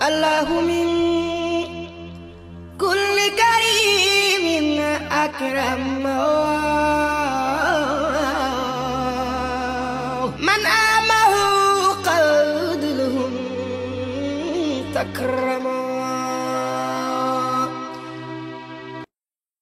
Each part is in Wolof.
الله من كل كريم أكرم من آمه قلد لهم تكرم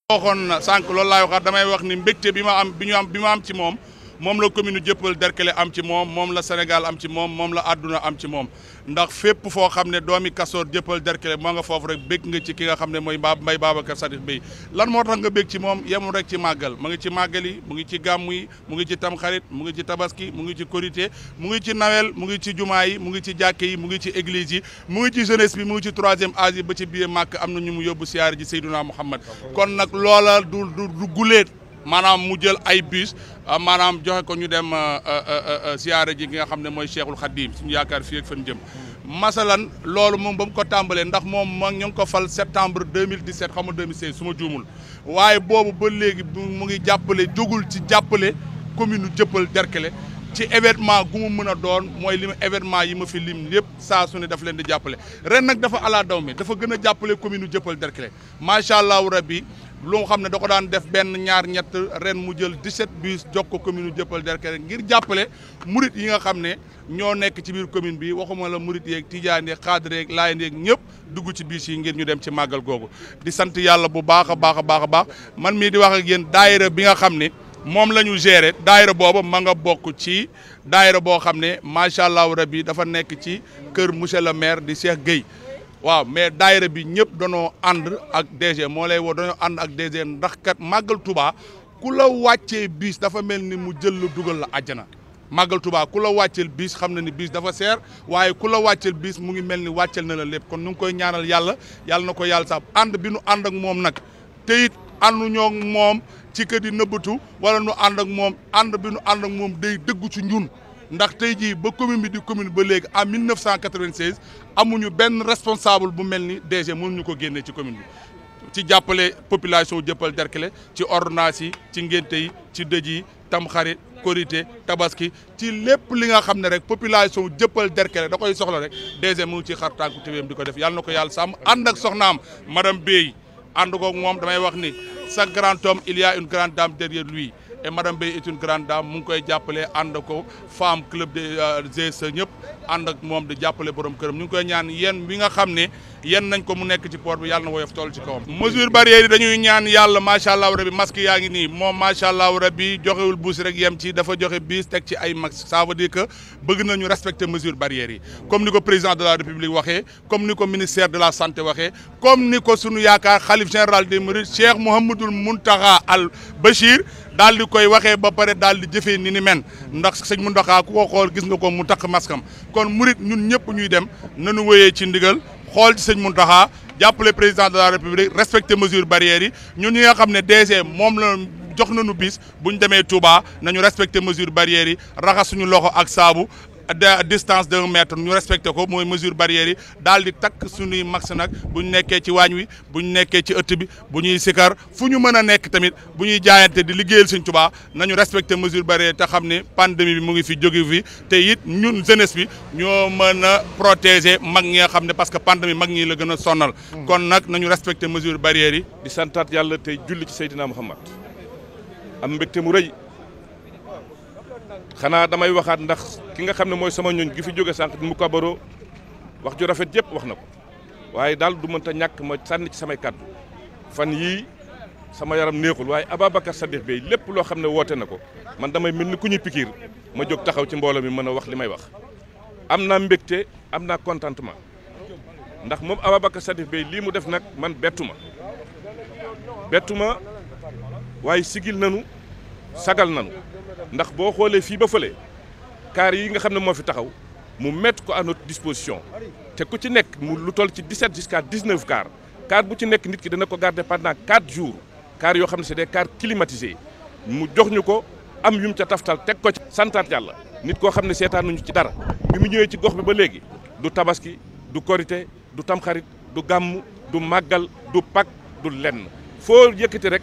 waxoon na wax ni mbégte bi ma am bi ñu am bi ma am ci moom moom la commune Dieuppeul Derklé am ci moom moom la Sénégal am ci moom moom la àdduna am ci moom ndax fépp foo xam ne doomi Kastoor Dieuppeul Derklé moo nga foofu rek bég nga ci ki nga xam ne mooy Mbaye Babacar Sadikh Bèye lan moo tax nga bég ci moom yemul rek ci màggal mu ngi ci màggal yi mu ngi ci gàmm yi mu ngi ci tamxarit mu ngi ci tabaski mu ngi ci korité mu ngi ci nawel mu ngi ci jumaa yi mu ngi ci jàkke yi mu ngi ci église yi mu ngi ci jeunesse bi mu ci troisième âge ba ci biir màkk am na ñu mu yóbbu siyaar ji Seydunaa Muhammad kon nag loola du du guleet maanaam mu jël ay bus euh, maanaam joxe ko ñu dem siyaare euh, euh, ji gi nga xam ne mooy Cheikhul Khadim suñu yaakaar fii ak fan jëm. masalan loolu moom ba mu ko tàmbalee ndax moom ma ñu ngi ko fal septembre 2017 xam nga 2016 su ma juumul waaye boobu ba léegi mu ngi jàppale jógul ci jàppale commune jëppal Derklé ci événement gu mu mën a doon mooy li événement yi ma fi lim lépp saa su ne daf leen di jàppale ren nag dafa ala daw dafa gën a jàppale commune Dieuppeul Derklé macha allah rabbi loo xam ne da ko daan def benn ñaar ñett ren mu jël 17 bus jox ko commune Dieuppeul Derklé ngir jàppale murit yi nga xam ne ñoo nekk ci biir commune bi waxuma la murit yeeg tijaan yeeg xaadir yeeg laayeen yeeg ñëpp dugg ci biis yi ngir ñu dem ci màggal googu di sant yàlla bu baax a baax a baax a baax man mii di wax ak yéen daayira bi nga xam ne moom la ñu gérer daayira booba ma nga bokk ci daayira boo xam ne macha allah rabi dafa nekk ci kër monsieur le maire di Cheikh Guèye waaw mais daayira bi ñëpp danoo ànd ak DG moo lay woo danoo ànd ak DG ndax kat màggal tubaa ku la wàccee biis dafa mel ni mu jël lu dugal la àjjana màggal tubaa ku la wàcceel biis xam na ni biis dafa seer waaye ku la wàcceel biis mu ngi mel ni wàcceel na la lépp kon ñu ngi koy ñaanal yàlla yàlla na ko yàlla sax ànd bi nu ànd ak moom nag teyit it ñoo moom ci kër di nëbbatu wala nu ànd ak moom ànd bi nu ànd ak moom day dëggu ci ñun. ndax tey jii ba commune bi di commune ba léegi en 1996 amuñu benn responsable bu mel ni DG mënuñu ko génnee ci commune bi ci jàppale population jëppal derkele ci ordonnance yi ci ngénte yi ci dëj yi korite korité tabaski ci lépp li nga xam ne rek population jëppal derkele da koy soxla rek DG mu ngi ci xar tànku tubéem di ko def yàlla na ko yàlla sàmm ànd ak soxnaam madame Bey ànd koog moom damay wax ni sa grand homme il y une grande dame derrière lui et madame Bey est une grande mu ngi koy jàppale ànd ko femme club de euh, GSE ñëpp ànd ak moom di jàppale borom kër ñu ngi koy ñaan yéen bi nga xam ne yéen nañ ko mu nekk ci port bi yàlla na woyof tool ci kawam. mesure barrière yi dañuy ñaan yàlla macha allah rabi masque yaa ngi nii moom macha allah rabi joxewul buus rek yem ci dafa joxe biis teg ci ay mag ça veut dire que bëgg nañu respecter mesure barrière yi comme ni ko président de la république waxee comme ni ko ministère de la santé waxee comme ni ko sunu yaakaar xalif général des mourides Cheikh Mouhamadoul Mountakha Al Bachir. daal di koy waxee ba pare daal di jëfee ni ni men ndax sëñ Muntaxa ku ko xool gis nga ko mu takk maskam kon murit ñun ñëpp ñuy dem na nu wëyee ci ndigal xool ci sëñ Muntaxa jàppale président de la république respecter mesures barrières yi ñun ñi nga xam ne DG moom la jox na nañu bis bu ñu demee na ñu respecter mesures barrières yi raxas suñu loxo ak saabu. à distance d'un mètre ñu respecté ko mooy mesure barrière yi daal di takk suñuy max nag bu ñu nekkee ci waañ wi bu ñu nekkee ci ëtt bi bu ñuy sikar fu ñu mën a nekk tamit bu ñuy jaayante di liggéeyal Sëñ Tuubaa nañu respecté mesure barrière te xam ne pandémie bi mu ngi fi jóge fi te it ñu jeunesse bi ñoo mën a protéger mag ñi nga xam ne parce que pandémie mag ñi la gën a sonnal hmm. kon nag nañu respecté mesure barrière yi di santaat yàlla tey julli ci Seydina Muhammad am mbégte mu rëy xanaa damay waxaat ndax ki nga xam ne mooy sama ñooñ gi fi jóge sànq mu kabaro wax ju rafet yëpp wax na ko waaye daal du mënta ñàkk ma sànni ci samay kàddu fan yii sama yaram neexul waaye Ababacar Sadikh Bèye lépp loo xam ne woote na ko man damay mel ni ku ñuy pikiir ma jóg taxaw ci mbooloo mi mën a wax li may wax. am naa mbégte am naa contentement ndax moom Ababacar Sadikh Bèye lii mu def nag man bettu ma bettu ma waaye sigil nanu sagal nanu ndax boo xoolee fii ba fële kaar yi nga xam ne moo fi taxaw mu mettre ko à notre disposition te ku ci nekk mu lu toll ci 17 jusqu'à 19 car car bu ci nekk nit ki dana ko garder pendant 4 jours car yoo xam ne c'est des cars climatisés mu jox ñu ko am yu mu ca taftal teg ko ci santaat yàlla nit koo xam ne seetaanuñu ci dara bi mu ñëwee ci gox bi ba léegi du tabaski du korité du tamxarit du gàmm du màggal du pak du lenn foo yëkkati rek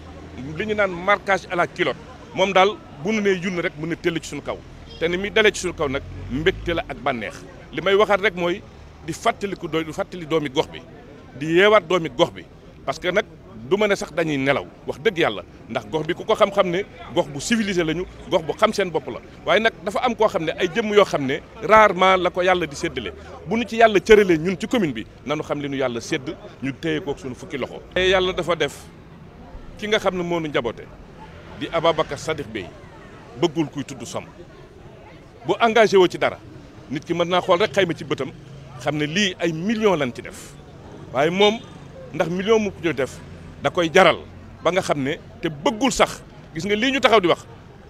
li ñu naan marquage à la culotte moom daal bu nu nee junn rek mën na tëll ci suñu kaw te ne mi dalee ci suñu kaw nag mbégte la ak bànneex li may waxaat rek mooy di fàttaliku doy di fàttali doomi gox bi di yeewaat doomi gox bi parce que nag du ma ne sax dañuy nelaw wax dëgg yàlla ndax gox bi ku ko xam-xam ne gox bu civilisé lañu gox bu xam seen bopp la waaye nag dafa am koo xam ne ay jëmm yoo xam ne rarement la ko yàlla di séddale bu nu ci yàlla cëre cëralee ñun ci commune bi nanu xam li yàlla sédd ñu téye kook suñu fukki loxo. yàlla dafa def ki nga xam ne moo njaboote di Ababacar Sadikh Bey bëggul kuy tudd som bu engagé woo ci dara nit ki mën naa xool rek xayma ci bëtam xam ne lii ay millions lañ ci def waaye moom ndax million mu ko def da koy jaral ba nga xam ne te bëggul sax gis nga lii ñu taxaw di wax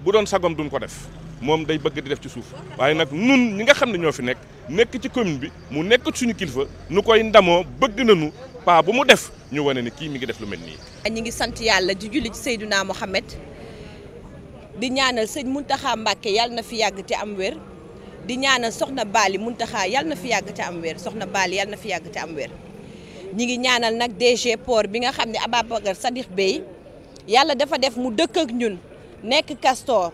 bu doon sagom duñ ko def moom day bëgg di def ci suuf waaye nag nun ñi nga xam ne ñoo fi nekk nekk ci commune bi mu nekk suñu kilifa nu koy ndamoo bëgg nañu paa bu mu def ñu wane ne kii mi ngi def lu mel nii. ñu ngi sant yàlla di julli ci Seydouna Mohamed. di ñaanal sëñ Muntaxa Mbàkke yàlla na fi yàgg te am wér di ñaanal soxna Bali Muntaxa yàlla na fi yàgg te am wér soxna Bali yàlla na fi yàgg te am wér ñi ngi ñaanal nag DG port bi nga xam ne Ababacar Sadikh béy yàlla dafa def mu dëkk ak ñun nekk Castor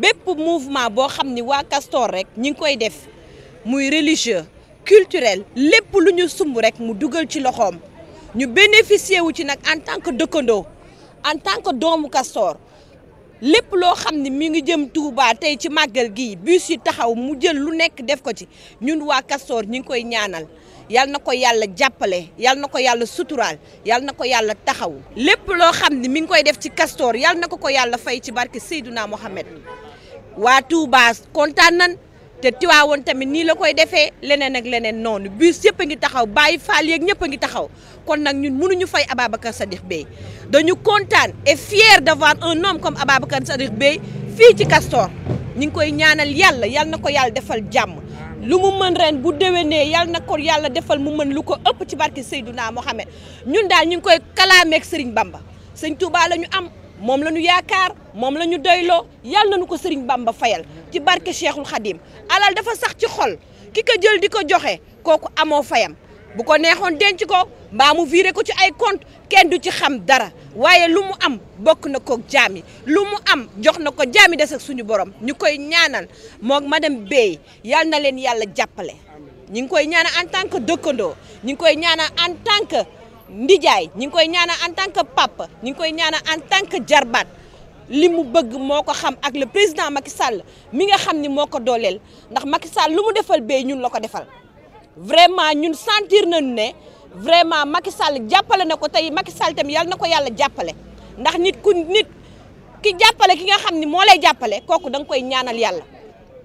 bépp mouvement boo xam ni waa Castor rek ñi ngi koy def muy religieux culturel lépp lu ñu sumb rek mu dugal ci loxoom ñu bénéficier wu ci nag en tant que dëkkandoo en tant que doomu Castor lépp loo xam ne mi ngi jëm Touba tey ci màggal gii bus yi taxaw mu jël lu nekk def ko ci ñun waa Castors ñu ngi koy ñaanal yal na ko yàlla jàppale yal na ko yàlla suturaal yal na ko yàlla taxaw lépp loo xam ni mi ngi koy def ci Castors yal na ko ko yàlla fay ci barke Seydouna Mohamed waa Touba kontaan te Tiwaawoon tamit nii la koy defee leneen ak leneen noonu bus yëpp a ngi taxaw bàyyi faal yeeg ñëpp a ngi taxaw kon nag ñun mënuñu fay Ababacar Sadikh Bèye dañu kontaan et fier d'avoir un homme comme Ababacar Sadikh Bèye fii ci Castor ñu ngi koy ñaanal yàlla yàlla na ko yàlla defal jàmm lu mu mën ren bu déwénee yàlla na ko yàlla defal mu mën lu ko ëpp ci barke Seydouna Mohamed ñun daal ñu ngi koy kalaameeg Serigne Bamba Sëñ Touba la am moom la ñu yaakaar moom la ñu doyloo yàlla nu ko sëriñ Bamba fayal ci barke Cheikhul Khadim alal dafa sax ci xol ki ko jël di ko joxe kooku amoo fayam bu ko neexoon denc ko mbaa mu viré ko ci ay compte kenn du ci xam dara waaye lu mu am bokk na kook jaami lu mu am jox na ko jaami des ak suñu borom ñu koy ñaanal ma dem Bey yal na leen yàlla jàppale. ñu ngi koy ñaanal en tant que dëkkandoo ñu ngi koy ñaanal en tant que. ndijaay ñu ngi koy ñaanal en tant que papa ñi ngi koy ñaanal en tant que jarbaat li mu bëgg moo ko xam ak le président Macky Sall mi nga xam ni moo ko dooleel ndax Macky Sall lu mu defal bee ñun la ko defal vraiment ñun sentir nañu ne vraiment Macky Sall jàppale na ko tey Macky Sall tamit yàlla na ko yàlla jàppale ndax nit ku nit ki jàppale ki nga xam ni moo lay jàppale kooku da nga koy ñaanal yàlla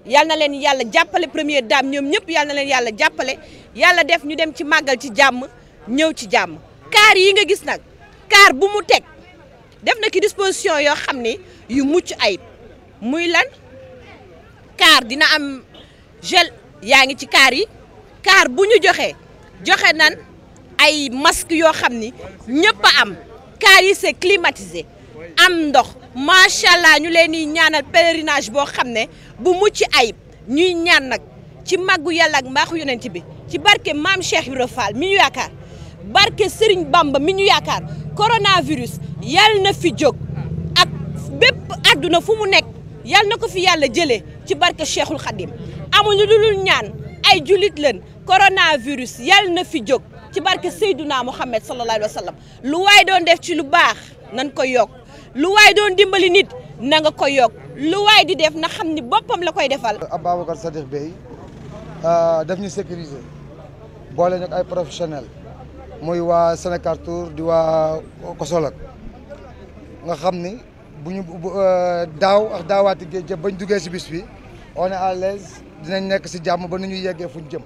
yàlla na leen yàlla jàppale premier dame ñoom ñëpp yàlla na leen yàlla jàppale yàlla def ñu dem ci màggal ci jàmm ñëw ci jàmm kaar yi nga gis nag kaar bu mu teg def na ki disposition yoo xam ni yu mucc ayib muy lan kaar dina am gel yaa ngi ci kaar yi kaar bu ñu joxe joxe nan ay masque yoo xam ni ñëpp am kaar yi c'est climatisé am ndox macha allah ñu leen di ñaanal pèlerinage boo xam ne bu mucc ayib ñuy ñaan nag ci màggu yàlla ak mbaaxu yonent bi ci barke maam Cheikh Ibra Fall mi ñu yaakaar. barke Serigne Bamba mi ñu yaakaar coronavirus yal na fi jóg ak bépp àdduna fu mu nekk yal na ko fi yàlla jëlee ci barke Cheikhul Khadim amuñu lu ñaan ay julit leen virus yal na fi jóg ci barke Seydouna Mouhamed sallallahu alayhi wa sallam lu waay doon def ci lu baax nan ko yokk lu waay doon dimbali nit na nga ko yokk lu waay di def na xam ni boppam la koy defal. Ababacar Sadikh Bey euh, def ñu sécuriser boole ñu ak ay professionnels. mooy waa Sénécartour di waa Kosolak nga xam ni bu ñu euh, daaw ak daawaati géej bañ duggee si bis bi on est à l'aise dinañ nekk si jàmm ba nu ñuy yeggee fu ñu jëm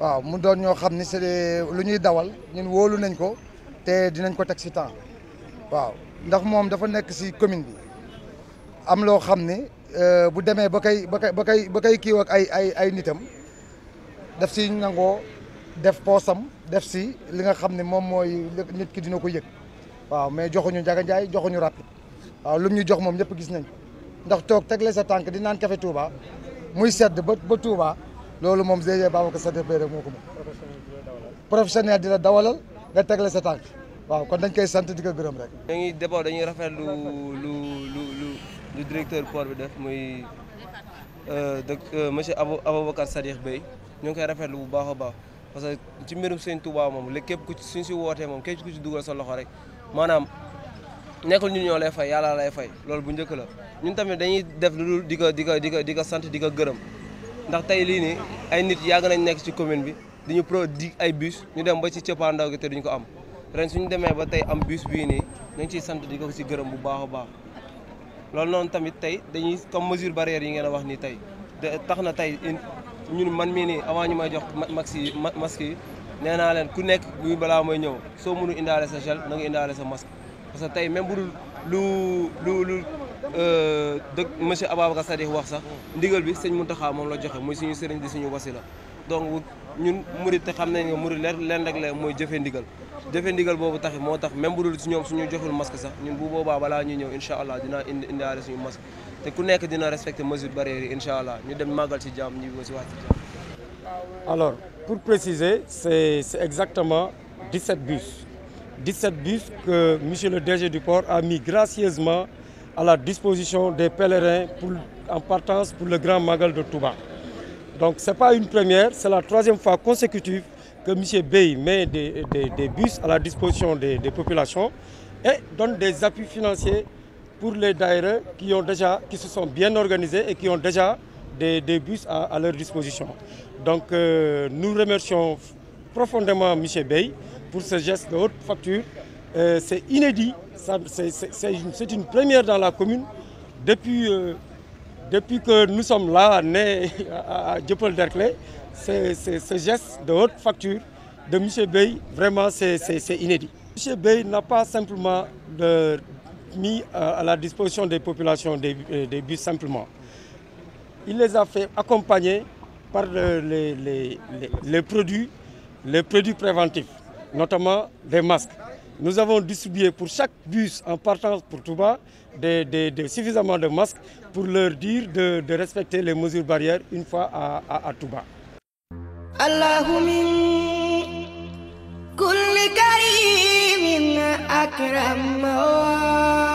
waaw mu doon ñoo xam ni lu ñuy dawal ñun wóolu nañ ko te dinañ ko teg si temps waaw ndax moom dafa nekk si commune bi am loo xam ni euh, bu demee ba kay ba kay ba kay ba kay kiiw ak ay ay ay nitam daf si nangoo def poosam def si li nga xam ne moom mooy nit ki dina ko yëg waaw mais joxuñu Ndiaga Ndiaye joxuñu rapide waaw lu mu ñu jox moom ñëpp gis nañ ndax toog tegle sa tànk di naan café Touba muy sedd ba ba Touba loolu moom DG Babacar Sadikh Bèye rek ko moom professionnel di la dawalal nga tegle sa tànk waaw kon dañ koy sant di ko gërëm rek. dañuy d'abord dañuy rafet lu lu directeur port bi def muy euh, dëkk euh, monsieur Abou Aboubacar Sadikh Bèye ñu ngi koy rafetlu bu baax a baax. parce que ci mbirum sëñ Touba moom léegi képp ku ci suñ si wootee moom képp ku ci dugal sa loxo rek maanaam nekkul ñu ñoo lay fay yàlla lay fay loolu bu njëkk la ñun tamit dañuy def lu dul di ko di ko di di ko sant di ko gërëm ndax tey lii nii ay nit yàgg nañ nekk ci commune bi dañu ñu pro di ay bus ñu dem ba ci cëppaandaw gi te duñ ko am ren suñu demee ba tey am bus bii nii ñu ciy sant di ko ci gërëm bu baax a baax loolu noonu tamit tey dañuy comme mesure barrière yi ngeen a wax nii tey tax na tey ñun man mii nii avant ñu may jox masque yi masque yi nee naa leen ku nekk muy balaa may ñëw soo mënul indaale sa gel na nga indaale sa masque parce que tey même bu dul lu lu lu euh, dëgg monsieur sa Sadikh wax sax ndigal bi sëñ Mountakha moom la joxe muy suñu sëriñ di suñu wasila donc ñun murit te xam nañ nga murit len rek le mooy jëfe ndigal jëfe ndigal boobu taxi moo tax même bu si ñoom suñu joxul masque sax ñun bu boobaa balaa ñuy ñëw incha allah dinaa indi indiwaale suñu masque te ku nekk dina respecté mesure barrière yi incha ñu dem màggal si jàmm ñu si wax si jàmm alors pour préciser c'est c'est exactement 17 bus 17 bus que monsieur le DG du port a mis gracieusement à la disposition des pèlerins pour en partance pour le grand magal de Touba Donc ce n'est pas une première, c'est la troisième fois consécutive que M. Bey met des, des, des, bus à la disposition des, des, populations et donne des appuis financiers pour les daïres qui, ont déjà, qui se sont bien organisés et qui ont déjà des, bus à, à, leur disposition. Donc euh, nous remercions profondément monsieur Bey pour ce geste de haute facture. Euh, c'est inédit, c'est une, une première dans la commune depuis... Euh, depuis que nous sommes là, nés à Dieuppeul-Derklé, ce geste de haute de M. Bey, vraiment, c'est inédit. M. Bey n'a pas simplement de, mis euh, à la disposition des populations des, euh, des, bus simplement. Il les a fait accompagner par euh, les, les, les, produits, les produits préventifs, notamment des masques. Nous avons distribué pour chaque bus en partant pour Touba des, des, des, suffisamment de masques pour leur dire de, respecter les mesures barrières une fois à, à, à Touba. Allahumma kulli karimin akram